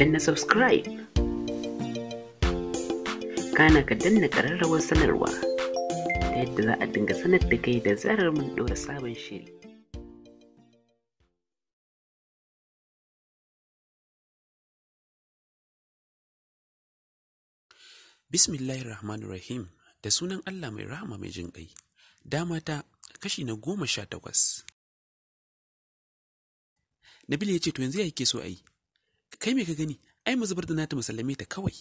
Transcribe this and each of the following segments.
danna subscribe kana ka danna ƙararrawar sanarwa ta yadda za a dinga sanar da kai da zarar mun ɗora sabon shiri Bismillahir Rahmanir Rahim da sunan Allah mai rahama mai jin ƙai. Dama ta kashi na goma sha takwas. Nabil ya ce to yanzu ya ke so a yi, kai me ka gani ai mu zubar da nata mu ta kawai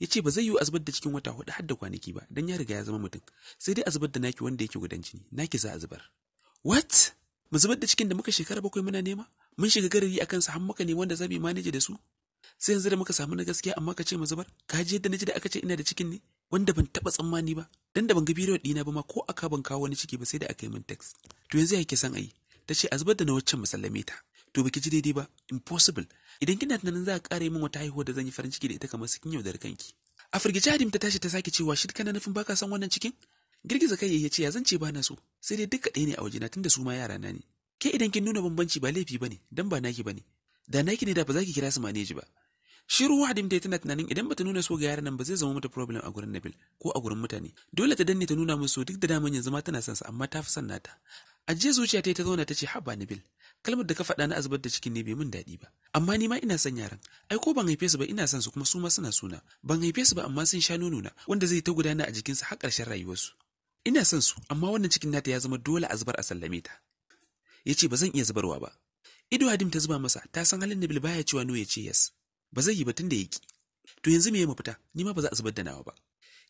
ya ce ba zai yi a zubar da cikin wata hudu har da kwanaki ba don ya riga ya zama mutum sai dai azubar zubar da naki wanda yake gudan jini naki za a zubar what mu zubar da cikin da muka shekara bakwai muna nema mun shiga garari akan sa har muka ne wanda zabi manage da su sai yanzu da muka samu na gaskiya amma ka ce mu zubar ka ji yadda naji da aka ce ina da cikin ne wanda ban taba tsammani ba dan da ban ga bidiyo dina ba ma ko aka ban kawo wani ciki ba sai da aka yi min text to yanzu yake san ayi ta ce a zubar da na waccan musallame ta to baki ji daidai ba impossible idan kina tunanin za a kare min wata haihuwa da zan yi farin ciki da ita kamar yau da kanki a firgice hadim ta tashi ta sake cewa shi kana nufin baka san wannan cikin girgiza kai ya ce ya zan ce ba na so sai dai duka ɗaya ne a wajena tunda su ma yara na ne ke idan kin nuna bambanci ba laifi bane dan ba naki bane da naki ne da ba za ki kira su maneji ba shiru hadim dai tana tunanin idan bata nuna so ga yaran nan ba zai zama mata problem a gurin Nabil ko a gurin mutane dole ta danne ta nuna musu duk da daman yanzu ma tana son sa amma ta fi son nata ajiye zuciya ta yi ta zauna ta ce haba nabil kalmar da ka faɗa na azubar da cikin ne bai mun daɗi ba amma ni ma ina son yaran ai ko ban haife su ba ina son su kuma su ma suna suna ban haife su ba amma sun sha nono na wanda zai ta gudana a jikinsu har ƙarshen rayuwarsu ina son su amma wannan cikin nata ya zama dole a zubar a sallame ta ya ce ba zan iya zubarwa ba ido hadim ta zuba masa ta san halin nabil baya cewa no ya ce yes ba zai yi ba tun da ya ki to yanzu me ya mafita ni ma ba za a zubar da nawa ba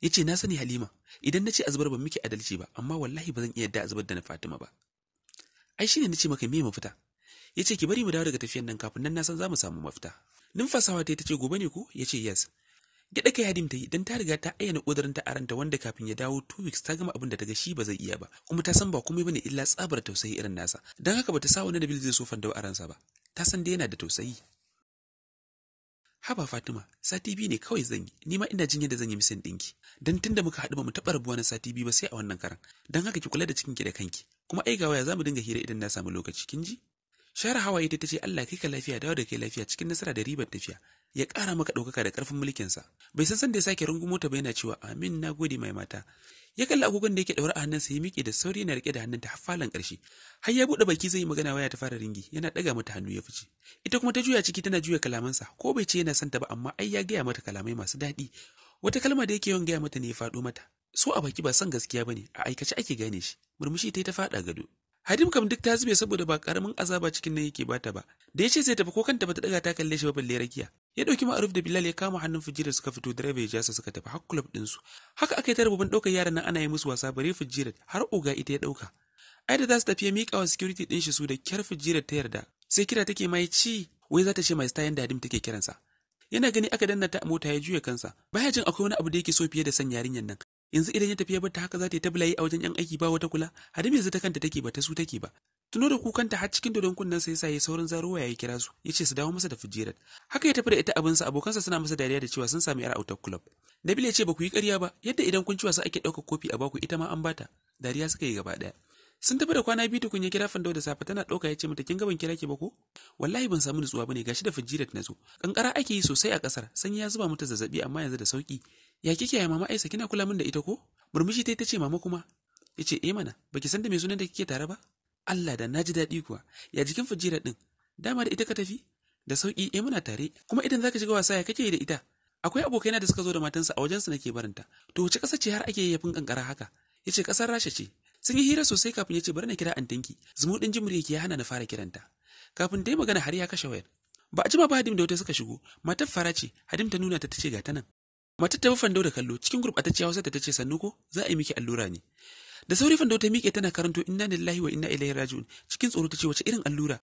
ya ce na sani halima idan na ce azubar zubar ban miki adalci ba amma wallahi ba zan iya da a da na fatima ba ai shine na ce maka me mafita ya ce ki bari mu dawo daga tafiyan nan kafin nan na san za mu samu mafita numfasawa ta ta ce gobe ne ko ya ce yes gyaɗa kai hadim ta yi don ta riga ta ayyana ƙudurin ta aranta wanda kafin ya dawo two weeks ta gama abin da ta ga shi ba zai iya ba kuma ta san ba komai bane illa tsabar tausayi irin nasa don haka ba ta sa wani bil zai so fanda a ba ta san dai yana da tausayi haba fatima sati biyu ne kawai zan yi ni ma ina jin yadda zan yi misin ɗinki dan tunda muka haɗu ba mu taɓa rabuwa na sati biyu ba sai a wannan karan dan haka ki kula da cikinki da kanki kuma ai ga waya za mu dinga hira idan na samu lokaci kin ji share hawaye ta ce Allah kai ka lafiya dawo da kai lafiya cikin nasara da ribar tafiya ya ƙara maka ɗaukaka da ƙarfin mulkinsa bai san sanda ya sake rungumo ta ba cewa amin na gode mai mata ya kalli agogon da yake ɗaure a hannunsa ya miƙe da sauri yana riƙe da hannun ta falon ƙarshe har ya buɗe baki zai yi magana waya ta fara ringi yana ɗaga mata hannu ya fice ita kuma ta juya ciki tana juya kalamansa ko bai ce yana son ta ba amma ai ya gaya mata kalamai masu daɗi wata kalma da yake yawan gaya mata ne ya faɗo mata so a baki ba son gaskiya ba ne. a aikace ake gane shi murmushi ta yi ta faɗa gado Hadim kam duk ta zube saboda ba karamin azaba cikin nan yake bata ba da yace zai tafi ko kanta bata daga ta kalle shi ba balle rakiya ya dauki ma'aruf da bilal ya kama hannun fujira suka fito direba ya jasa suka tafi har club din su haka aka yi ta daukar yaran nan ana yi musu wasa bare fujira har uga ita ya dauka ai da za su tafi ya mika wa security din shi su da kyar fujira ta yarda sai kira take mai ci wai za ta ce mai stayin dadim take kiransa yana gani aka danna ta mota ya juya kansa baya jin akwai wani abu da yake so fiye da san yarinyan nan yanzu idan ya tafi ya ta haka za ta yi ta bulayi a wajen yan aiki ba wata kula hadimi yanzu ta kanta take ba ta su take ba tuno da kukanta har cikin dodon kunnen sai sa ya saurin zaruwa ya kira su ya ce su dawo masa da fujirar haka ya tafi da ita abin sa abokansa suna masa dariya da cewa sun sami yar autar club nabil ce ba ku yi ƙarya ba yadda idan kun ci wasa ake ɗaukar kofi a baku ita ma an bata dariya suka yi gaba ɗaya sun tafi da kwana biyu tukun ya kira fando da safe tana ɗauka ya ce mata kin gaban kira ke ba ko wallahi ban samu nutsuwa bane gashi da fujirat na zo kankara ake yi sosai a ƙasar sanyi ya zuba mata zazzabi amma yanzu da sauki ya kike ya mama aisa kina kula min da ita ko murmushi tai ita ce mama kuma ya eh mana baki san da me sunan da kike tare ba Allah da naji daɗi kuwa ya jikin fujira ɗin dama da ita ka tafi da sauƙi eh muna tare kuma idan zaka shiga wasa ya kake da ita akwai abokaina da suka zo da matansa a wajensu nake barinta to wace ƙasa ce har ake yafin kankara haka yace ƙasar Rasha ce sun yi hira sosai kafin yace bari na kira antinki zumu ɗin jimri yake ya hana na fara kiranta kafin dai magana har ya kashe wayar ba a jima ba Hadim da wata suka shigo matar fara ce Hadim ta nuna ta ce ga ta nan matar ta fando da kallo cikin gurɓatacciyar Hausa ta tace sannu ko za a yi miki allura ne da sauri fando ta miƙe tana karanto inna lillahi wa inna ilaihi raji'un cikin tsoro ta ce wace irin allura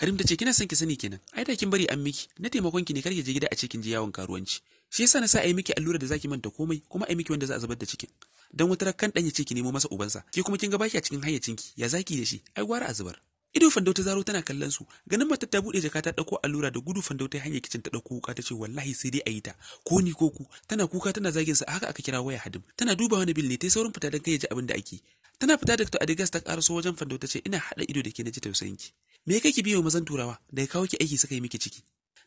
Karim ta ce kina son ki sani kenan ai da kin bari an miki na taimakon ki ne kar ki je gida a cikin jiyawan karuwanci shi yasa na sa ai miki allura da zaki manta komai kuma ai miki wanda za a zubar da cikin dan wutar kan dan ya ce ki nemo masa ubansa ki kuma kin ga baki a cikin hayyacin ki ya zaki da shi ai gwara a zubar ido fando ta zaro tana kallon su ganin mata ta bude jaka ta dauko allura da gudu fando ta hanyar kicin ta dauko wuka ta ce wallahi sai dai ayi ta ko ni ko ku tana kuka tana zagin sa haka aka kira waya hadim tana duba wani bil ne tai saurin fita dan kai ji abin da ake tana fita da Adigas ta karaso wajen fando ta ce ina hada ido da ke na ji tausayin ki me kake biyo mazan turawa da kawo ki aiki suka yi miki ciki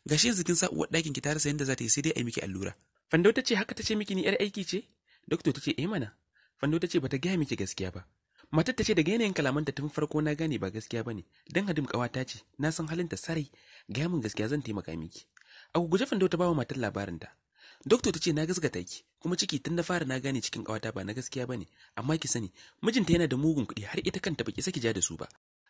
gashi yanzu kin sa uwar ɗakin ki ta rasa yadda za ta yi sai dai ayi miki allura fando ta ce haka ta ce miki ni yar aiki ce doctor ta ce eh mana fando ta ce bata gaya miki gaskiya ba Matar ta ce daga yanayin kalamanta tun farko na gane ba gaskiya bane, don Hadim kawata ce, na san halinta sarai, ga min gaskiya zan taimaka miki. A guje fando ta bawa matar labarinta. Doktor ta ce na ta ki, kuma ciki tun na fara na gane cikin kawata ba na gaskiya ba ne amma ki sani, mijinta yana da mugun kuɗi har ita kanta baki saki ja da su ba.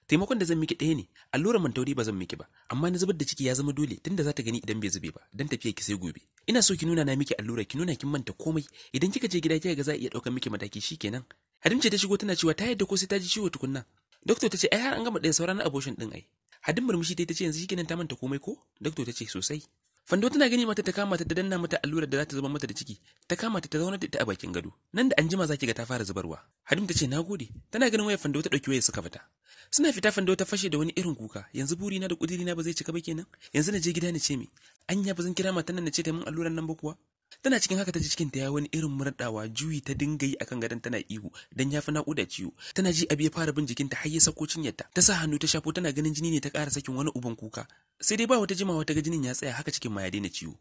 Taimakon da zan miki ɗaya ne, allurar mantauri ba zan miki ba, amma na zubar da ciki ya zama dole tunda za ta gani idan bai zube ba, don tafiya ki sai gobe. Ina so ki nuna na miki allura, ki nuna kin manta komai, idan kika je gida kika ga za a iya ɗaukar miki mataki shikenan, Hadimce ta shigo tana cewa ta yadda ko sai ta ji ciwo tukunna. Doktor ta ce ai har an gama ɗaya sauran aboshin din ai. Hadin murmushi ta ce yanzu shikenan ta manta komai ko? Doktor ta ce sosai. Fando tana gani mata ta kama ta danna mata allurar da za ta zuba mata da ciki, ta kama ta ta zauna da ita a bakin gado. Nan da anjima zaki ga ta fara zubarwa. Hadim ta ce na gode. tana ganin wayar Fando ta dauki wayar suka fita. Suna fita Fando ta fashe da wani irin kuka, yanzu na da kudirina ba zai cika ba kenan. Yanzu na je gida na ce me? Anya ba zan kira matan nan na ce ta min allurar nan ba kuwa? tana cikin haka ta ji cikinta ya wani irin murdawa juyi ta dinga yi akan gadon tana ihu dan ya fi naƙuda ciwo tana ji abu ya fara bin jikinta har ya sako cinyarta ta sa hannu ta shafo tana ganin jini ne ta ƙara sakin wani uban kuka sai dai ba wata jimawa ta ga jinin ya tsaya haka cikin ma ya daina ciwo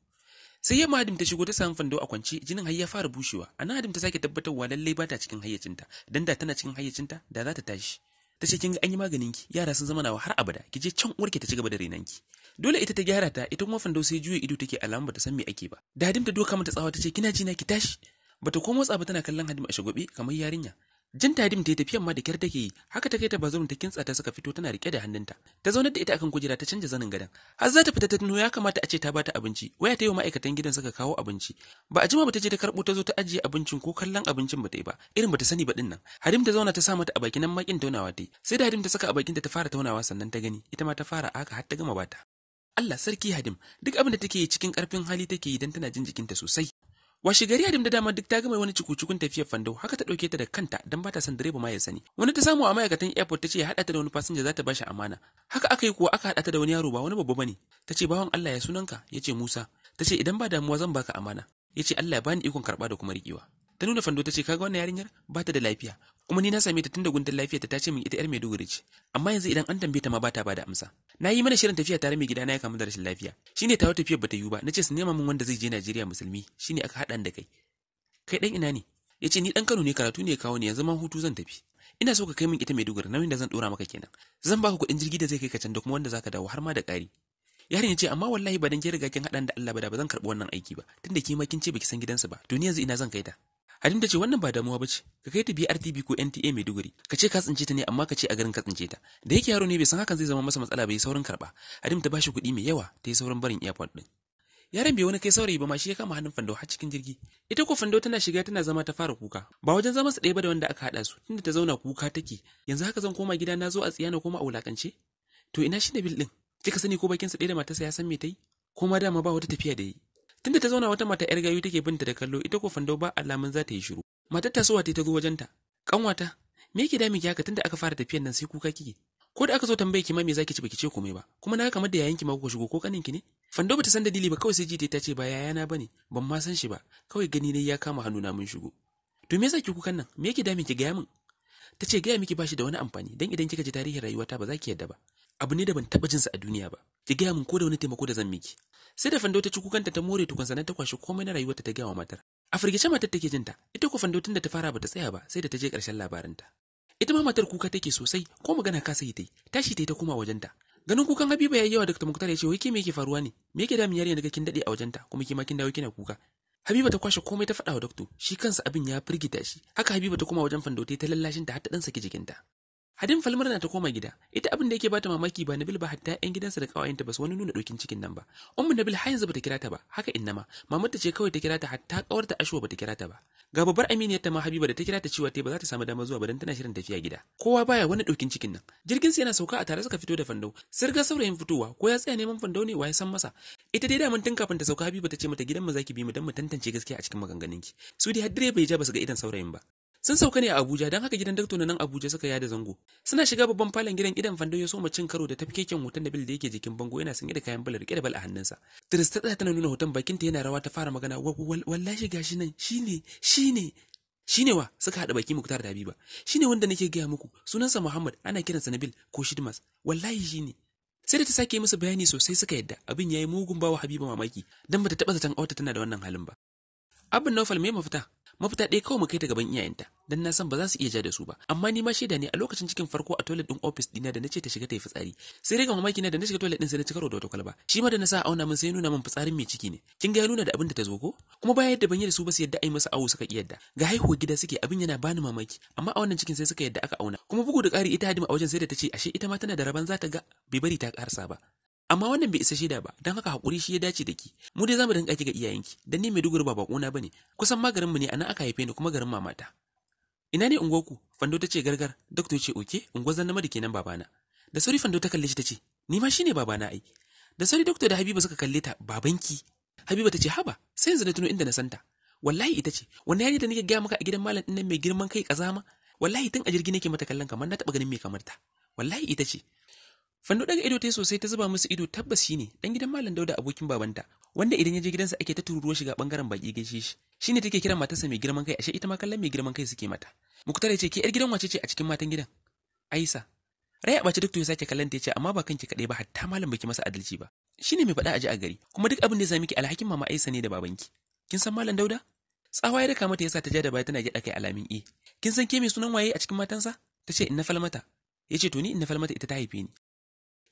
sai ya madim ta shigo ta samu fando a kwance jinin har ya fara bushewa ana Adam ta sake tabbatarwa lallai ba ta cikin hayyacinta dan da tana cikin hayyacinta da za ta tashi ta ce kin ga anyi maganin ki yara sun zama nawa har abada ki je can uwarki ta cigaba da renan ki dole ita ta gyara ta ita kuma fando sai juya ido take ba bata san me ake ba da ta doka mata tsawa ta ce kina ji na ki tashi bata ko motsa ba tana kallon hadim a shagobe kamar yarinya Jin tadim ta yi tafiyan ma da kyar take yi, haka ta kai ta bazurun ta kintsa ta suka fito tana rike da hannunta. Ta zaunar da ita akan kujera ta canja zanin gadon. Har za ta fita ta tuno ya kamata a ce ta bata abinci, waya ta yi wa ma'aikatan gidan suka kawo abinci. Ba a jima ba ta je ta karɓo ta zo ta ajiye abincin ko kallon abincin ba ta yi ba, irin ba ta sani ba dinnan. nan. Hadim ta zauna ta sa mata a bakin nan makin taunawa ta yi. Sai da Hadim ta saka a bakinta ta fara taunawa sannan ta gani, ita ma ta fara aka har ta gama bata. Allah sarki Hadim, duk abin da take yi cikin karfin hali take yi don tana jin jikinta sosai. Washe gari Adam da dama duk ta gama wani cikucukun tafiyar fando haka ta ɗauke ta da kanta dan bata san direba ma ya sani. Wani ta samu a ma'aikatan airport ta ce ya haɗa ta da wani fasinja za bashi amana. Haka aka yi kuwa aka haɗa ta da wani yaro ba wani babba bane. Ta ce bawan Allah ya sunanka ya ce Musa. Ta ce idan ba damuwa zan baka amana. Ya ce Allah ya bani ikon karɓa da kuma riƙewa. ta nuna fando tace ce kaga wannan yarinyar ba ta da lafiya kuma ni na same ta tun da guntun lafiya ta ce min ita yar Maiduguri ce amma yanzu idan an tambaye ta ma bata bada amsa na yi mana shirin tafiya tare mai gida na ya kamu da rashin lafiya shine tawo tafiyar bata yiwu ba nace su nema min wanda zai je Najeriya musulmi shine aka hada da kai kai dan ina ne yace ni dan Kano ne karatu ne kawo ne yanzu ma hutu zan tafi ina so ka kai min ita Maiduguri nauyin da zan dora maka kenan zan baka kuɗin jirgi da zai kai ka can da kuma wanda zaka dawo har ma da ƙari yarin ya ce amma wallahi ba dan ke riga kin hadan da Allah ba da ba zan karbi wannan aiki ba tunda ki ma ce baki san gidansa ba to yanzu ina zan kai ta Halim ta ce wannan ba damuwa ba ce, ka kai ta BRTB ko NTA mai duguri ka ce ka tsince ta ne amma ka ce a garin ka tsince ta. Da yake yaro ne bai san hakan zai zama masa matsala bai saurin karba. Halim ta bashi kuɗi mai yawa ta yi saurin barin airport ɗin. Yaron bai wani kai saurayi ba ma shi ya kama hannun Fando har cikin jirgi. Ita ko Fando tana shiga tana zama ta fara kuka. Ba wajen zama su ɗaya ba da wanda aka haɗa su, tunda ta zauna kuka take. Yanzu haka zan koma gida na zo a tsiya na koma a wulakance. To ina shi bil din? Kika sani ko bakin sa ɗaya da matarsa ya san me ta yi? Ko ma dama ba wata tafiya da yi. Tunda ta zauna wata mata 'yar gayu take binta da kallo ita ko fando ba alamun za ta yi shiru. Matar tasowa ta zo wajen ta Kanwata, me yake dami ki haka tunda aka fara tafiyan nan sai kuka kike? Ko da aka zo tambaye ki ma me zaki ci baki ce komai ba. Kuma na kamar da yayin ki ma kuka shigo ko kanin ki ne? fando bata san dalili ba kawai sai jita ta ce ba yayana bane, ban ma san shi ba. Kawai gani ne ya kama hannu na mun shigo. To me zaki kukan nan? Me yake dami ki gaya min? Ta ce gaya miki bashi da wani amfani dan idan kika ji tarihin rayuwata ba za ki yadda ba. Abu ne da ban taba jinsa a duniya ba. Ki gaya min ko da wani taimako da zan miki. sai da fando ta ci kukanta ta more tukun sannan ta kwashi komai na rayuwarta ta gawa matar a firgice matar take jinta ita ko fando tun da ta fara bata tsaya ba sai da ta je karshen labarinta ita ma matar kuka take sosai ko magana ka sai tai tashi tai ta koma wajenta ganin kukan Habiba ya yi yawa Dr. Muktar ya ce wai ke me yake faruwa ne me yake damin yarinya daga kin dade a wajenta kuma ke kin dawo kina kuka Habiba ta kwashe komai ta faɗa wa doctor shi kansa abin ya firgita shi, haka Habiba ta koma wajen fandote ta lallashin ta har ta ɗan saki jikinta. Hadin Falmar na ta koma gida. Ita abin da yake bata mamaki ba Nabil ba hatta ƴan gidansa da ƙawayenta ba su wani nuna dokin cikin nan ba. Ummu Nabil har yanzu bata kira ta ba, haka innama. Mamar ta ce kawai ta kira ta hatta ƙawarta Ashwa bata kira ta ba. Ga babbar ta ma Habiba da ta kira ta cewa ta ba za ta samu damar zuwa ba dan tana shirin tafiya gida. Kowa baya wani dokin cikin nan. Jirgin sa yana sauka a tare suka fito da fandau. Sirga saurayin fitowa ko ya tsaya neman fandau ne wa san masa. Ita dai da mun tun kafin ta sauka Habiba ta ce mata gidan mu zaki bi mu dan mu tantance gaskiya a cikin maganganunki. Su dai har direba bai ja ba su ga idan saurayin ba. Sun sauka ne a Abuja don haka gidan dakto na nan Abuja suka yada zango. Suna shiga babban falon gidan idan Fando ya soma cin karo da tafkeken hoton da Bill da yake jikin bango yana sanye da kayan bala rike da bal a hannunsa. Tris ta tana nuna hoton bakinta yana rawa ta fara magana wallahi gashi nan shine shine shine wa suka haɗa baki tare da Habiba shine wanda nake gaya muku sunansa Muhammad ana kiransa Nabil ko Shidmas wallahi shine sai da ta sake musu bayani sosai suka yadda abin yayi mugun bawa Habiba mamaki dan bata taba zaton auta tana da wannan halin ba abin Naufal me mafita mafita ɗaya kawai mu kai ta gaban iyayenta dan na san ba za su iya ja da su ba amma ni ma shaida ne a lokacin cikin farko a toilet din office dina da nace ta shiga ta yi fitsari sai dai ga mamaki na da na shiga toilet din sai na ci karo da wata kwalba shi ma da na sa auna min sai nuna min fitsarin mai ciki ne kin ga ya nuna da abin da ta zo ko kuma bayan yadda ban yi da su ba su yadda ai masa awo suka kiyarda ga haihuwa gida suke abin yana bani mamaki amma a wannan cikin sai suka yadda aka auna kuma bugu da ƙari ita hadima a wajen sai da ta ce ashe ita ma tana da raban za ta ga bai bari ta karsa ba amma wannan bai isa shaida ba don haka hakuri shi ya dace da ki mu dai zamu rinka ki ga iyayenki dan ni Maiduguri ba bakona bane kusan ma garin mu ne anan aka haife ni kuma garin mamata ina ne ungoku fando tace gargar doctor ce oke ungo zanna da kenan babana da sauri fando ta kalle shi tace ni ma shine babana ai da sauri doctor da Habiba suka kalle ta babanki Habiba tace haba sai yanzu na tuno inda na santa wallahi ita ce wannan yari da nake gaya maka a gidan malam din nan mai girman kai kazama wallahi tun a jirgi nake mata kallon kamar na taba ganin mai kamar ta wallahi ita ce Fandu daga ido ta yi sosai ta zuba musu ido tabbas shi ne. Ɗan gidan Malam Dauda abokin babanta wanda idan ya je gidansa ake ta tururuwa shiga bangaren baki gaishe shi ne take kiran matarsa mai girman kai ashe ita ma kallon mai girman kai suke mata. Muktar ya ce ke yar gidan wace ce a cikin matan gidan? Aisa. Rai a ɓace duk ya sake kallon ta ce amma ba kanki kaɗai ba hatta malam baki masa adalci ba. ne mai faɗa a ji a gari kuma duk abin da ya sami ki alhakin mama Aisa ne da babanki. Kin san Malam Dauda? Tsawa ya daka mata sa ta ja da baya tana gyaɗa kai alamin e. Kin san ke mai sunan waye a cikin matansa? Ta ce in na falmata. ya ce to ni in falmata ita ta haife ni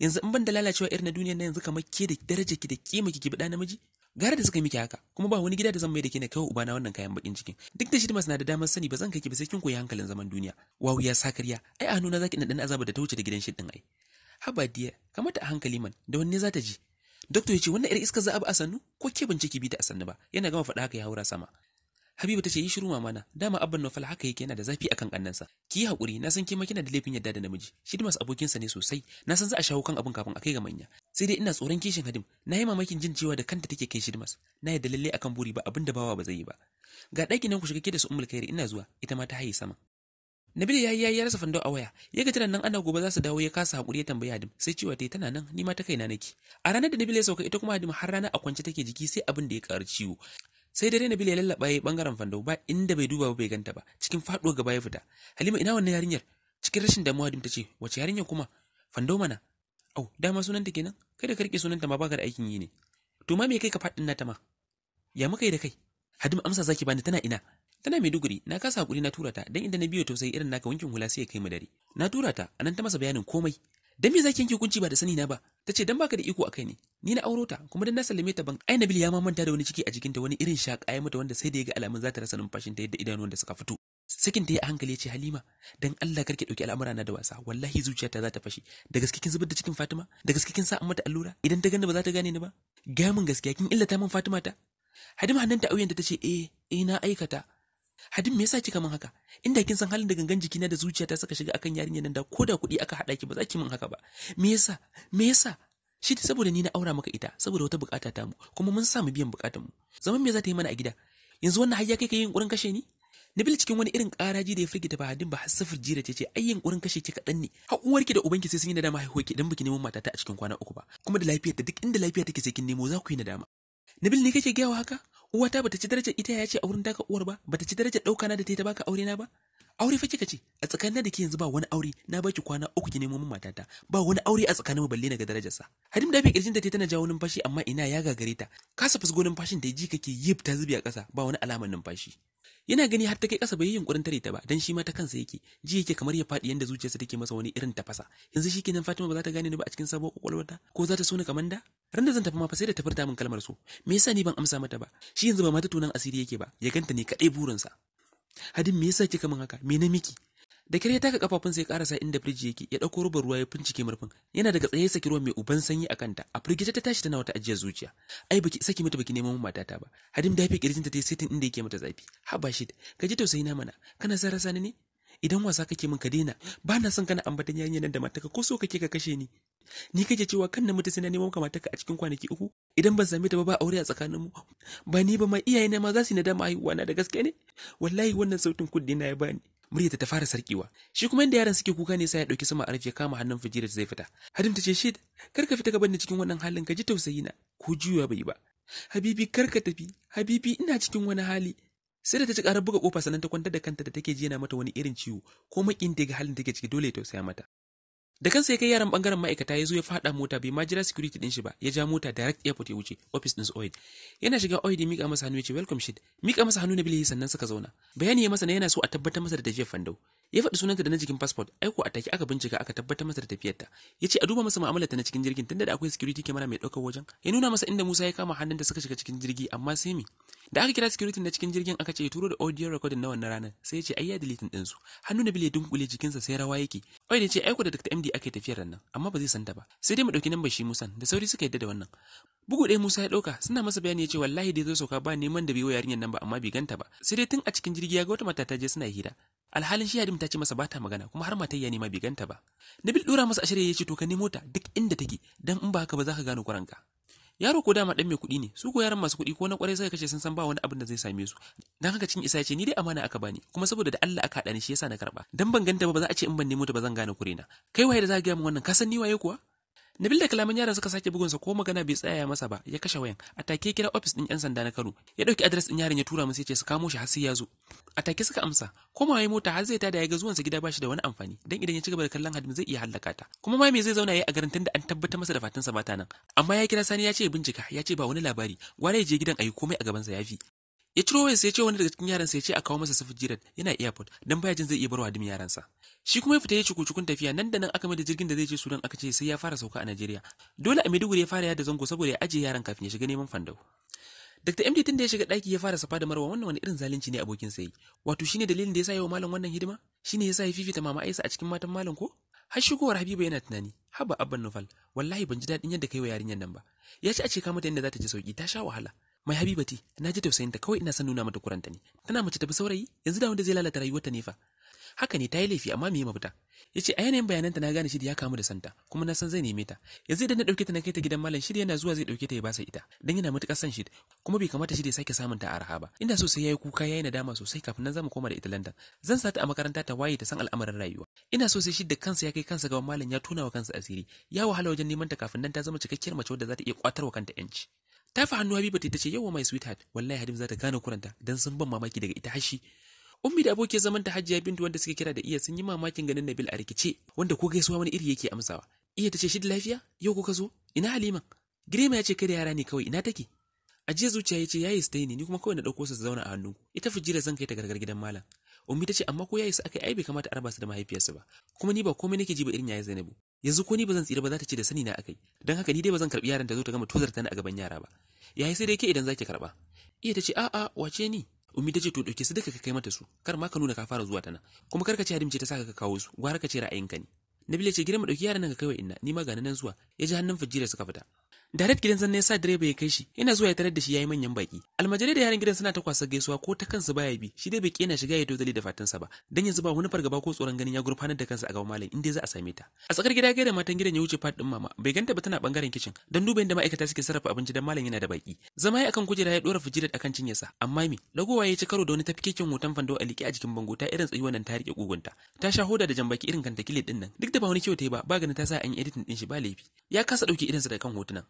yanzu in ban da lalacewa irin na duniya na yanzu kamar ke da daraja ki da kima ki ki namiji gara da suka miki haka kuma ba wani gida da zan mai da ke na kawo ubana wannan kayan bakin cikin duk da shidmas na da damar sani ba zan kai ki ba sai kin koyi hankalin zaman duniya wawu ya sakarya ai a nuna zaki na dan azaba da ta wuce da gidan shidin ai haba diya kamata a hankali man da wanne za ta ji doktor ya ce wannan iri iskar za a ba a sannu ko ke bincike bi da a sannu ba yana gama faɗa haka ya haura sama Habibu ta ce yi shiru mamana, dama abban Nufal haka yake yana da zafi akan kannansa. Ki yi hakuri, na san kima kina da laifin yadda da namiji. Shidmas abokinsa ne sosai, na san za a shawo kan abin kafin a kai ga manya. Sai dai ina tsoron kishin Hadim, na yi mamakin jin cewa da kanta take kai Shidmas. Na yadda lalle akan buri ba abin da bawa ba zai yi ba. Ga ɗaki nan ku shiga ke da su Ummul kairi ina zuwa, ita ma ta haye sama. Nabil ya yi ya rasa fando a waya, ya ga nan ana gobe za su dawo ya kasa hakuri ya tambayi Hadim, sai cewa tai tana nan ni ma ta kaina nake. A ranar da Nabil ya sauka ita kuma Hadim har rana a kwance take jiki sai abin da ya karu ciwo. sai dare na ya lallaba ya bangaren fando ba inda bai duba ba bai ganta ba cikin faduwa gaba ya fita Halima ina wannan yarinyar cikin rashin damuwa ta ce. wace yarinyar kuma fando mana au dama sunanta kenan kai da karke sunanta ma baka da aikin yi ne to ma me kai ka fadin nata ma ya muka yi da kai hadima amsa zaki bani tana ina tana Maiduguri na kasa hakuri na tura ta dan inda na biyo tausayi irin naka wankin hula sai ya kai mu dare na tura ta anan ta masa bayanin komai dan me zaki yanke hukunci ba da sani na ba tace dan baka da iko akai ne ni na auro ta kuma dan na sallame ta ban ai Nabil ya ma manta da wani ciki a jikinta wani irin shaka ya mata wanda sai da yaga alamun za ta rasa numfashin ta yadda idanuwan da suka fito sakin ta ya hankali ce Halima dan Allah karki dauki al'amura na da wasa wallahi zuciyarta za ta fashe da gaske kin zubar da cikin Fatima da gaske kin sa an mata allura idan ta gani ba za ta gane ni ba ga min gaskiya kin illata min Fatima ta Hadima auyen ta tace eh eh na aikata hadin me yasa kika min haka inda kin san halin da gangan jikina da zuciyata suka shiga akan yarinyar nan da koda da kuɗi aka hada ki ba za ki min haka ba me yasa me yasa shi da saboda ni na aura maka ita saboda wata bukata ta mu kuma mun samu biyan bukatun mu zaman me za ta yi mana a gida yanzu wannan har ya kai ka yin kurin kashe ni Nabil cikin wani irin karaji da ya firgita ba hadin ba har sifir jira ce ce ai kurin kashe ki kaɗan ne. Har uwarki da ubanki sai sun yi nadama haihuwarki dan biki neman matata a cikin kwana uku ba. Kuma da lafiyar ta duk inda lafiya take sai kin nemo za ku yi nadama. Nabil ne kake gaya haka? uwata bata ci darajar ita ya ce a wurin daka uwar ba bata ci darajar ɗauka na da ta baka aure na ba aure fa kika ce a tsakanin da ke yanzu ba wani aure na baki kwana uku ki nemo min matata ba wani aure a tsakanin balle na ga darajar sa hadim da bai kirjin da tana jawo numfashi amma ina ya gagare ta kasa fusgo numfashin da ji kake yib ta zubi a kasa ba wani alamar numfashi yana gani har ta kai kasa bai yi kurin tare ta ba dan shi ma ta kansa yake ji yake kamar ya fadi yanda zuciyarsa take masa wani irin tafasa yanzu shi kenan Fatima ba za ta gane ni ba a cikin sabuwar ta ko za ta so ni kaman da ran da zan tafi ma fa sai da ta min kalmar su me yasa ni ban amsa mata ba shi yanzu ba ta tunan asiri yake ba ya ganta ne kadai burinsa hadin me yasa kika min haka me na miki da kare ya taka kafafun sai karasa inda firji yake ya dauko rubar ruwa ya fincike murfin yana daga tsaye saki ruwan mai uban sanyi a kanta a firgita ta tashi tana wata ajiyar zuciya ai baki saki mata baki neman matata ba Hadin da yafi kirjin ta sai sitin inda yake mata zafi haba shit ka ji tausayi na mana kana sa rasa ni ne idan wasa kake min ka daina ba na son kana ambatan yarinya nan da mataka ko so kake ka kashe ni ni kake cewa kan na mutu sai na nemo maka a cikin kwanaki uku idan ban same ta ba ba aure a tsakaninmu ba ni ba ma iyayena ma za su yi nadama haihuwa na da gaske ne wallahi wannan sautin kudi na ya bani muryarta ta fara sarkewa shi kuma inda yaran suke kuka ne sai ya dauki sama a ya kama hannun fijira zai fita hadim ta ce shid kar ka fita gaban cikin wannan halin ka ji tausayi na ko juya bai ba habibi kar ka tafi habibi ina cikin wani hali sai da ta ci karar buga kofa sannan ta kwantar da kanta da take jiya yana mata wani irin ciwo ko makin da halin halin take ciki dole ya tausaya mata da kansa ya kai yaran bangaren ma'aikata ya zo ya fada mota bai ma jira security din shi ba ya ja mota direct airport ya wuce office din oil yana shiga oil ya mika masa hannu ya ce welcome shit mika masa hannu na bilihi sannan suka zauna bayani ya masa na yana so a tabbatar masa da tafiyar fandau ya faɗi sunanta da na jikin passport aiko a take aka bincika aka tabbatar masa da tafiyar ta ya ce a duba masa mu'amalar ta na cikin jirgin tunda da akwai security camera mai ɗaukar wajen ya nuna masa inda Musa ya kama hannun da suka shiga cikin jirgi amma sai da aka kira security na cikin jirgin aka ce turo da audio recording na wannan ranar sai ya ce ai ya delete din su hannu na bile dunkule jikinsa sai rawa yake oi da ce ai ku da Dr. MD aka yi tafiyar nan amma ba zai santa ba sai dai mu dauki nan shi Musan da sauri suka yadda da wannan bugu ɗaya Musa ya dauka suna masa bayani ya ce wallahi dai zai sauka ba neman da biyo wa yarinyar nan ba amma bai ganta ba sai dai tun a cikin jirgi ya ga wata mata ta je suna hira alhalin shi yadim ta ce masa bata magana kuma har matayya ne ma bai ganta ba nabil dora masa a ya ce to ka nemo ta duk inda take dan in ba haka ba za ka gano kuranka yaro ko dama dan mai kuɗi ne su ko yaran masu kuɗi ko na kwarai sai kace sun san ba wani abin da zai same su dan haka cin isa ce ni dai amana aka bani kuma saboda da Allah aka haɗa ni shi yasa na karba dan ban ganta ba za a ce in ban nemo ta ba zan gane kurena kai waye da za ga min wannan ka san ni waye kuwa Nabil da kalaman yaran suka sake bugunsa ko magana bai tsaya masa ba ya kashe wayan a take kira ofis din yan sanda na Kano ya dauki address din yaran ya tura musu ya ce su kamo shi har sai ya zo a take suka amsa mai mota har zai ta da ya ga zuwansa gida bashi da wani amfani dan idan ya ci gaba da kallon hadin zai iya hallaka ta kuma ma zai zauna yayi a garin tunda an tabbatar masa da sa mata nan amma ya kira Sani ya bincika ya ce ba wani labari gware ya je gidan ayi komai a gabansa yafi ya ciro wayan sai ya ce wani daga cikin yaransa ya ce a kawo masa sufit yana airport dan baya jin zai iya barwa yaran yaransa shi kuma ya fita ya ci kucukun tafiya nan da nan aka mai da jirgin da zai je Sudan aka ce sai ya fara sauka a Najeriya dole a Maiduguri ya fara yada zango saboda ya ajiye yaran kafin ya shiga neman fandau Dr. MD tun da ya shiga ɗaki ya fara safa da Marwa wannan wani irin zalunci ne abokin sai wato ne dalilin da ya sa yawa malam wannan hidima shine yasa ya fifita mama Aisha a cikin matan malam ko har shigowar Habiba yana tunani haba abban Nufal wallahi ban ji daɗin yadda kai wa yarinyar nan ba ya ci a ce ka mata yadda za ta ji sauki ta sha wahala mai habibati na ji tausayinta kawai ina son nuna mata kuranta ne tana mace tafi saurayi yanzu da wanda zai lalata rayuwarta ne fa haka ne ta yi laifi amma me mafita ya ce a yanayin bayananta na gane da ya kamu da santa kuma na san zai neme ta yanzu idan na ɗauke ta na kai ta gidan malam shirya yana zuwa zai ɗauke ta ya basa ita dan yana matuƙar san shi kuma bai kamata shi da ya sake samun ta a raha ba inda so sai yayi kuka ya yayi nadama sosai kafin nan zamu koma da ita London zan sa ta a makaranta ta waye ta san al'amarin rayuwa ina so sai shi da kansa ya kai kansa gaban malam ya tuna wa kansa asiri ya wahala wajen neman ta kafin nan ta zama cikakkiyar mace wadda za ta iya kwatarwa kanta yanci ta fa hannu Habiba ta ce yawa mai sweetheart wallahi Hadim za ta gane kuranta dan sun ban mamaki daga ita hashi Ummi da abokin zaman ta Hajiya Bintu wanda suke kira da iya sun yi mamakin ganin Nabil a rikice wanda ko gaisuwa wani iri yake amsawa. Iya tace shi da lafiya? Yau ko ka zo? Ina Halima? Girema ya ce kada yara ne kawai ina take? Ajiya zuciya ya ce yayi yi ne ni kuma kawai na ɗauko su zauna a hannu. Ita fujira zan kai ta gargar gidan malam. Ummi ta ce amma ko yayi su aka ai bai kamata a raba da mahaifiyarsa ba. Kuma ni ba komai nake ji ba irin yayi Zainabu. Yanzu ko ni ba zan tsira ba za ta ce da sani na akai. Dan haka ni dai ba zan karbi yaran ta zo ta gama tozarta ni a gaban yara ba. Yayi sai dai ke idan zaki karba. Iya ta ce a'a wace ni? Ummi ta ce to dauke su duka ka kai mata su kar ma ka nuna ka fara zuwa tana kuma kar ka ce Hadimce ce ta saka ka kawo su gwara ka ce ra'ayinka ne Nabila ce gidan ɗauki dauki yaran nan ka kai wa inna ni ma ga nan zuwa ya ji hannun Fajira suka fita direct gidan zanne sa direba ya kai shi ina zuwa ya tarar da shi yayi manyan baki almajirai da yaran gidan suna ta kwasa gaisuwa ko ta kansu baya bi shi dai bai kena shiga ya dozali da fatansa ba dan yanzu ba wani fargaba ko tsoron ganin ya gurfanar da kansa a gaban malam inda za a same ta a tsakar gida gaida matan gidan ya wuce fat din mama bai ganta ba tana bangaren kicin dan duba yadda ma'aikata suke sarrafa abinci dan malam yana da baki zama ya akan kujera ya dora fujirar akan cinyarsa amma me dagowa ya ci karo da wani tafkekin hoton fando a liƙe a jikin bango ta irin tsayuwar nan ta rike kugunta ta sha hoda da jambaki irin kanta kilit din nan duk da ba wani kyau ta yi ba ba ganin ta sa an yi editing din shi ba laifi ya kasa dauke sa da kan hotunan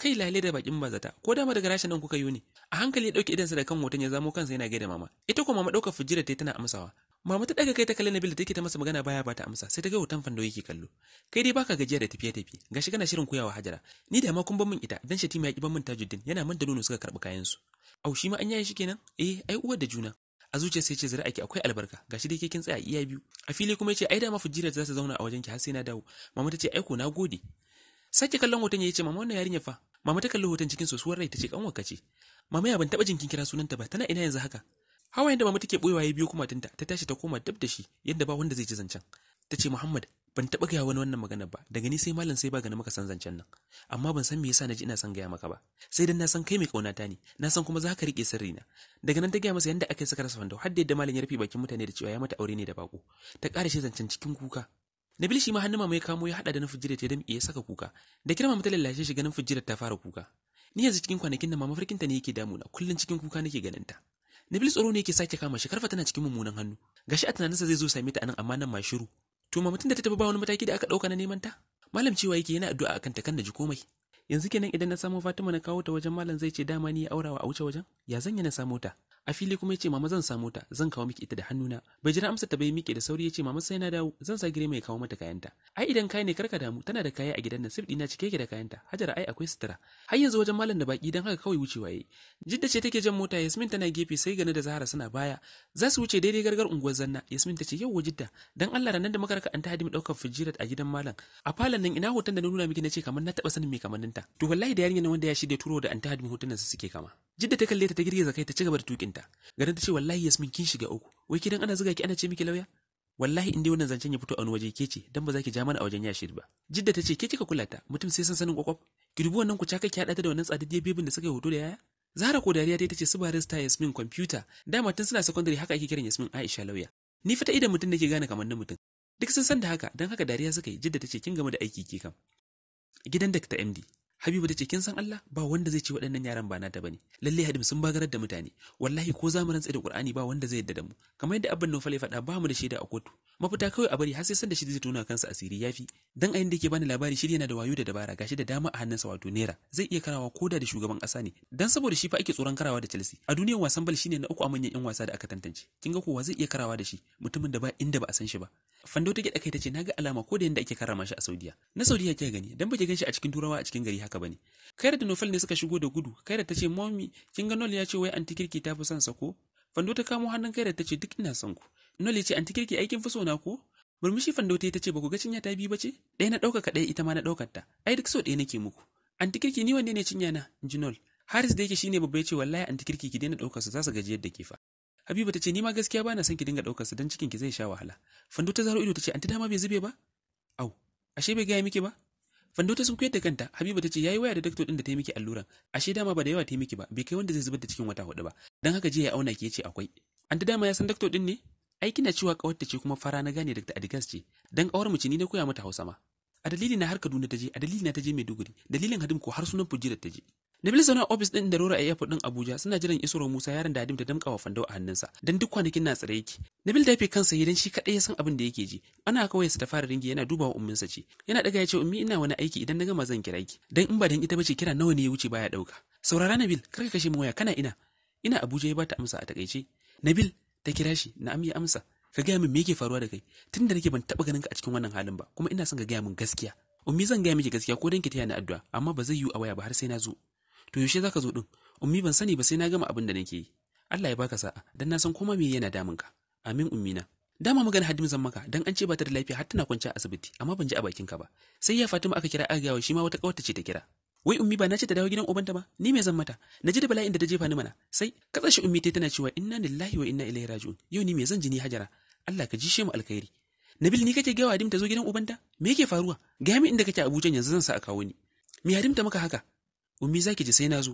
kai lalle da bakin bazata ko dama daga rashin nan kuka yi ne a hankali ya dauke idansa da kan hoton ya zamo kansa yana gaida mama ita kuma mama daukar fujira ta tana amsawa mama ta daga kai ta kalli Nabil da take ta masa magana baya bata amsa sai ta ga hoton fando yake kallo kai dai baka gajiya da tafiye tafiye gashi kana shirin koyawa Hajara ni da ma kun ban min ita dan Shatima ya ki ban min Tajuddin yana manta nono suka karbi kayan su au shi ma an yaye shi kenan eh ai uwar da juna a zuciya sai ce zira ake akwai albarka gashi dai ke kin tsaya iya biyu a fili kuma yace ai da ma Fujira za ta zauna a wajenki har sai na dawo mama ta ce ai ko na gode sake kallon hoton ya ce mama wannan yarinya fa mama ta kalli hoton cikin sosuwar rai ta ce kan ka mama ya ban taba jinkin kira sunanta ba tana ina yanzu haka hawa yanda mama take boyewa ya biyo kuma tinta ta tashi ta koma dab da shi yadda ba wanda zai ji zancen ta ce muhammad ban taba gaya wani wannan magana ba daga ni sai malam sai ba gani maka san zancen nan amma ban san me yasa naji ina son gaya maka ba sai dan na san kai mai kaunata ne na san kuma zaka rike sirri na daga nan ta gaya masa yanda aka saka rasa Fando, har da yadda malam ya rufe bakin mutane da cewa ya mata aure ne da bako ta kare shi zancen cikin kuka Nabil shi ma hannun mama ya kamo ya haɗa da na fujjira ta dami ya saka kuka. Da kira mamata lallashe shi ganin fujjira ta fara kuka. Ni yanzu cikin kwanakin nan mama farkinta ne yake damuna kullum cikin kuka nake ganin ta. Nabil tsoro ne yake sake kama shi karfa tana cikin mummunan hannu. Gashi a tunaninsa zai zo same ta anan amma nan ma shiru. To mama tunda ta tafi ba wani mataki da aka dauka na neman ta. Malam cewa yake yana addu'a akan ta kan na ji komai. Yanzu kenan idan na samu Fatima na kawo ta wajen malam zai ce dama ni ya aurawa a wuce wajen? Ya zan na samu ta? a fili kuma yace mama zan samu ta zan kawo miki ita da hannuna bai jira amsa ta bai miki da sauri yace mama sai na dawo zan sa gire mai kawo mata kayanta ai idan kai ne karka damu tana da kaya a gidan nan sif dina cike yake da kayanta hajara ai akwai sutura har yanzu wajen malam da baki dan haka kawai wucewa yayi jidda ce take jan mota yasmin tana gefe sai gane da zahara suna baya za su wuce daidai gargar unguwar zanna yasmin tace yau jidda dan Allah ranan da raka an ta hadimi daukar fujirat a gidan malam a falon nan ina hoton da na nuna miki nace kamar na taba sanin me kamanninta to wallahi da yarinya wanda ya da turo da an ta hadimi hotunan su suke kama jidda ta kalle ta ta girgiza kai ta ci gaba da ta garin ta ce wallahi yasmin kin shiga uku wai kidan ana zuga ki ana ce miki lauya wallahi inda wannan zancen ya fito a wani waje ke ce dan ba za ki ja mana a wajen ya ba jidda ta ce ke kika kula ta mutum sai san sanin kwakwaf ki dubi wannan ku caka ki hada ta da wannan tsadaddiyar bibin da suka yi hoto da yaya Zahra ko dariya ta ce su barista Yasmin kwamfuta dama tun suna secondary haka ake kiran Yasmin Aisha lauya ni fita idan mutum nake gane kamar na mutum duk sun san da haka don haka dariya suka yi jidda ta ce kin gama da aiki ke kam gidan dakta md Habibu ta ce kin san Allah ba wanda zai ce waɗannan yaran ba nata bane. Lalle Hadim sun bagarar da mutane. Wallahi ko za mu rantsa da Qur'ani ba wanda zai yadda da mu. Kamar yadda Abin Nufal ya faɗa ba mu da shaida a kotu. mafita kawai a bari har sai sanda shi zai tona kansa asiri yafi dan ayin da yake bani labari shirya na da wayo da dabara gashi da dama a hannunsa wato naira zai iya karawa ko da shugaban kasa ne dan saboda shi fa ake tsoron karawa da Chelsea a duniyar wasan bal shine na uku a manyan yan wasa da aka tantance kin ga kowa zai iya karawa da shi mutumin da ba inda ba a san shi ba fando take dakai tace naga alama ko da yanda ake karama shi a Saudiya na Saudiya kike gani dan bake ganshi a cikin turawa a cikin gari haka bane kaira da Nofal ne suka shigo da gudu kaira tace mommy kin ga Nol ya ce wai anti kirki ta fi son sa ko fando ta kamo hannun kaira tace duk ina son ku Nol ya ce anti kirki aikin faso na ko? Murmushi Fandote ta ce ba ku ga cinya ta biyu ba ce? Ɗaya na ɗaukaka ɗaya ita ma na ɗaukar ta. Ai duk so ɗaya nake muku. Anti kirki ni wanne ne cinya na? Ji Nol. Haris da yake shine babba ya ce wallahi anti kirki ki daina ɗaukar su za su gaji yadda ke fa. Habiba ta ce ni ma gaskiya ba na son ki dinga ɗaukar su don cikin ki zai sha wahala. Fando ta zaro ido ta ce anti dama bai zube ba? Au, ashe bai gaya miki ba? Fando ta kuyar da kanta, Habiba ta ce yi waya da dakto din da ta yi miki alluran. Ashe dama ba da yawa ta yi miki ba, bai kai wanda zai zubar da cikin wata hudu ba. Dan haka jiya ya auna ki ce akwai. anti dama ya san dakto din ne? aiki na cewa kawarta ce kuma fara na gane Dr. Adigas ce dan kawar mu ce ni na koya mata Hausa ma a dalili na har Kaduna je, a dalili na mai Maiduguri dalilin Hadim ko har sunan Fujira je. Nabil zaune a ofis din da Rora a airport din Abuja suna jiran Isro Musa yaron da Hadim da wa fandau a hannunsa dan duk kwanakin na tsare yake Nabil da yafe kansa idan shi kadai ya san abin da yake ji ana kawai sa ta fara ringi yana dubawa umminsa ce yana daga ya ce ummi ina wani aiki idan na gama zan kira ki dan in ba dan ita bace kira nawa ne ya wuce baya dauka saurara Nabil kar ka kashe mu waya kana ina ina Abuja ya bata amsa a takaice Nabil ta kira shi na'am ya amsa ka gaya min me yake faruwa da kai tunda nake ban taba ganin ka a cikin wannan halin ba kuma ina son ka gaya min gaskiya ummi zan gaya miki gaskiya ko dan ki taya ni addu'a amma ba zai yiwu a waya ba har sai na zo to yaushe zaka zo din ummi ban sani ba sai na gama abin da nake yi Allah ya baka sa'a dan na san koma me yana damun ka amin ummi na dama magana hadimi zan maka dan an ce ba ta da lafiya har tana kwanciya asibiti amma ban ji a bakin ka ba sai ya Fatima aka kira agawa shi ma wata kawarta ce ta kira wai ummi ba na ce ta dawo gidan ubanta ba ni me zan mata na ji da bala'in da ta jefa ni mana sai ka shi ummi tai tana cewa inna lillahi wa inna ilaihi raji'un yau ni me zan ji hajara Allah ka shi mu alkhairi Nabil ni kake gawa dimta zo gidan ubanta me yake faruwa ga min inda kake Abuja yanzu zan sa a kawo ni me harimta maka haka ummi zaki ji sai na zo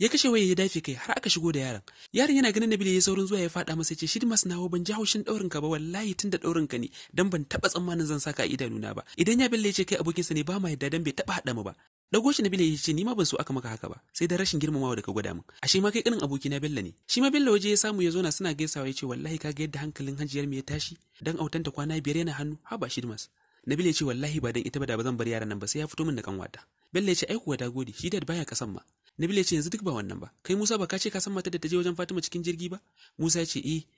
ya kashe waya ya dafe kai har aka shigo da yaron yaron yana ganin Nabil ya saurin zuwa ya fada masa ce shid mas nawo ban ji haushin daurin ka ba wallahi tunda daurin ka ne dan ban taba tsammanin zan saka idanuna ba idan ya bille ce kai abokinsa ne ba ma yadda dan bai taba hada mu ba dago shi Nabila ya ce ni ma ban so aka maka haka ba sai da rashin girmamawa da ka gwada min ashe ma kai kanin abokina Bello ne shi ma Bello waje ya samu ya zo na suna gaisawa ya ce wallahi ka ga yadda hankalin hajiyar mu ya tashi dan autanta kwana biyar yana hannu haba shidmas Nabila ya ce wallahi ba dan ita ba da ba zan bar yaran nan ba sai ya fito min da kanwata Bello ya ce ai kuwa dagode shi dad baya kasan ma Nabila ya ce yanzu duk ba wannan ba kai Musa ba ka ce ka san mata da ta je wajen Fatima cikin jirgi ba Musa ya ce eh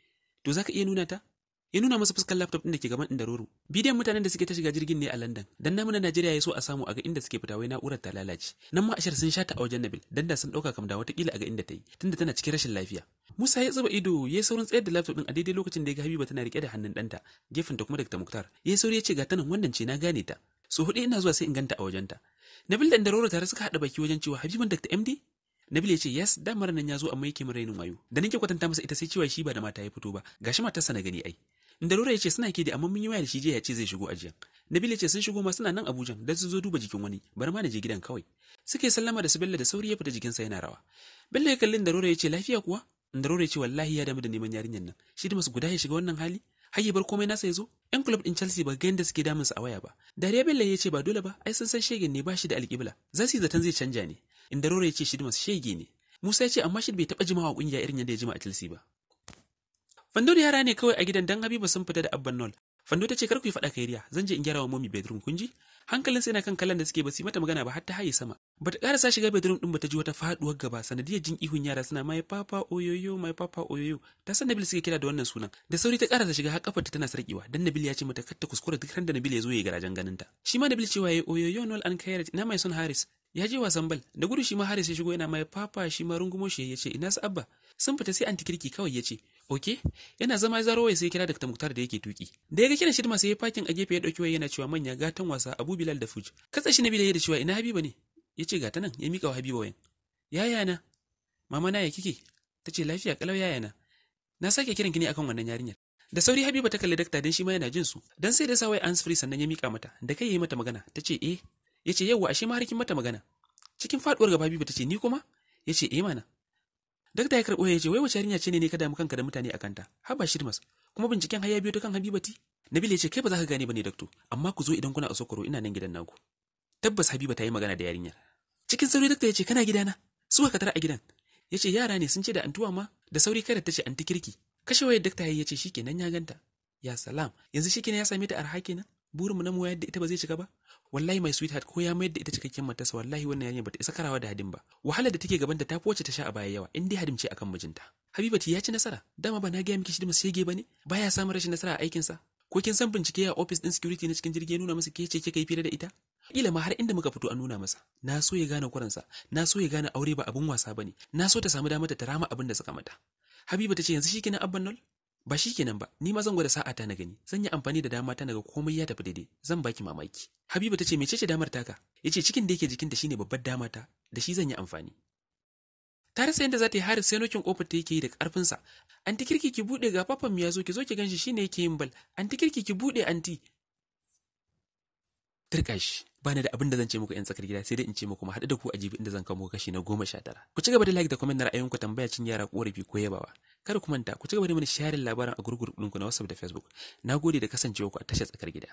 to zaka iya nuna ta ya nuna masa fuskar laptop ɗin da ke gaban Indaroro. Bidiyon mutanen da suke ta shiga jirgin ne a London, dan namu Najeriya ya so a samu a ga inda suke fita wai na'urar ta lalace. Nan ma sun shata a wajen Nabil, dan da sun ɗauka kam da watakila a ga inda ta yi, tunda tana cikin rashin lafiya. Musa ya tsaba ido ya saurin tsayar da laptop din a daidai lokacin da ya ga Habiba tana rike da hannun ɗanta, gefen ta kuma Dr. Muktar. Ya sauri ya ce ga tanan wannan ce na gane ta. So huɗu ina zuwa sai in ganta a wajenta. Nabil da Indaroro tare suka hada baki wajen cewa Habiban Dr. MD Nabil ya ce yes damar nan ya zo amma yake min rainin wayo da nake kwatanta masa ita sai cewa shi ba da mata ya fito ba gashi matarsa na gani ai da ya ce suna da amma mun yi waya da shi jiya ya ce zai shigo ajiyan. Nabil ya ce sun shigo ma suna nan Abuja don su zo duba jikin wani bari ma na je gidan kawai. suke sallama da su Bello da sauri ya fita jikinsa yana rawa. Bello ya kalli da ya ce lafiya kuwa? inda ya ce wallahi ya damu da neman yarinyar nan. Shi da masu guda ya shiga wannan hali? Har ya bar komai nasa ya zo? Yan club din Chelsea ba ga yadda suke damun su a waya ba. Dariya Bello ya ce ba dole ba ai sun san shegen ne ba shi da alƙibla. Za su yi zaton zai canja ne. Inda Nura ya ce shi da masu shege ne. Musa ya ce amma shi bai taɓa jimawa ƙungiya irin yadda ya jima a Chelsea ba. Fando da yara ne kawai a gidan dan Habiba sun fita da Abban Nol. Fando ta ce kar ku yi faɗa kairiya, zan je in gyara wa mummy bedroom kun ji? Hankalin sai na kan kallon da suke ba su mata magana ba har ta haye sama. Ba ta ƙarasa shiga bedroom ɗin ba ta ji wata faɗuwar gaba sanadiyar jin ihun yara suna mai papa oyoyo mai papa oyoyo. Ta san Nabil suke kira da wannan sunan. Da sauri ta ƙarasa shiga har kafarta tana sarkewa dan Nabil ya ce mata kar ta kuskura duk ran da Nabil ya zo ya garajen ganin ta. Shi ma Nabil cewa yayi oyoyo Nol an kai na mai son Haris. Ya je wasan bal da gudu shi ma Haris ya shigo yana mai papa shi ma rungumo shi ya ce ina su abba sun fita sai anti kirki kawai ya ce oke yana zama zaro ya sai kira Dr. Muktar da yake tuki da ya ga kiran shi sai ya fakin a gefe ya dauki waya yana cewa manya gatan wasa Abu Bilal da Fuj katsa shi Nabila da cewa ina Habiba ne ya ce gata nan ya mika wa Habiba wayan yaya na mama na ya kike ta ce lafiya kalau yaya na na sake kiran ki ne akan wannan yarinyar da sauri Habiba ta kalli dakta dan shi ma yana jin su dan sai da sawai ans free sannan ya mika mata da kai yayi mata magana ta ce eh ce yawa ashe ma harkin mata magana cikin faduwar gaba Habiba ta ce ni kuma yace eh mana dakta ya karɓo ya ce wai wace yarinya ce ne ne ka damu kanka da mutane a kanta haba shirmas kuma binciken har ya biyo ta kan habiba habibati nabil ya ce kai ba za ka gane ba ne dakto amma ku zo idan kuna a sokoro ina nan gidan naku tabbas habiba ta yi magana da yarinyar cikin sauri dakta ya ce kana gidana su ka tara a gidan ya ce yara ne sun ce da antuwa ma da sauri kada ta ce anti kirki kashe waye dakta ya ce shi nan ya ganta ya salam yanzu shi kenan ya same ta arha kenan burinmu na mu yadda ita ba zai shiga ba wallahi mai sweetheart ko ya mayar da ita cikakken matarsa wallahi wannan yarinya bata isa karawa da hadin ba wahalar da take gaban ta ta wacce ta sha a baya yawa in dai hadin ce akan mijinta habibati ya ci nasara dama ba na gaya miki shi da masege bane baya samun rashin nasara a aikinsa ko kin san bincike a office din security na cikin jirgin nuna masa ke ce kika yi fira da ita kila ma har inda muka fito an nuna masa na so ya gane kuransa na so ya gane aure ba abun wasa bane na so ta samu damar ta tarama abin da suka mata habiba ta ce yanzu kina abban nol ba shi kenan ba ni ma zan gwada sa'a ta na gani zan yi amfani da dama ta naga komai ya tafi daidai zan baki mamaki habiba ta ce mecece damar taka yace cikin da yake jikinta shine babbar dama ta da shi zan yi amfani ta rasa yadda za ta yi harin sai nokin kofar ta yake yi da karfin sa anti kirki ki bude ga fafan mu yazo ki zo ki ganshi shine yake yin bal anti kirki ki bude anti turka shi ba da abin da zan ce muku yan tsakar gida sai dai in ce muku haɗu da ku a jibi inda zan kawo kashi na goma sha tara ku ci gaba da like da comment na ra'ayinku tambaya cin yara korafi ko yabawa kada ku manta ku ci gaba da mini sharing labarin a gurgur ɗinku na WhatsApp da Facebook na gode da kasancewa ku a tashar tsakar gida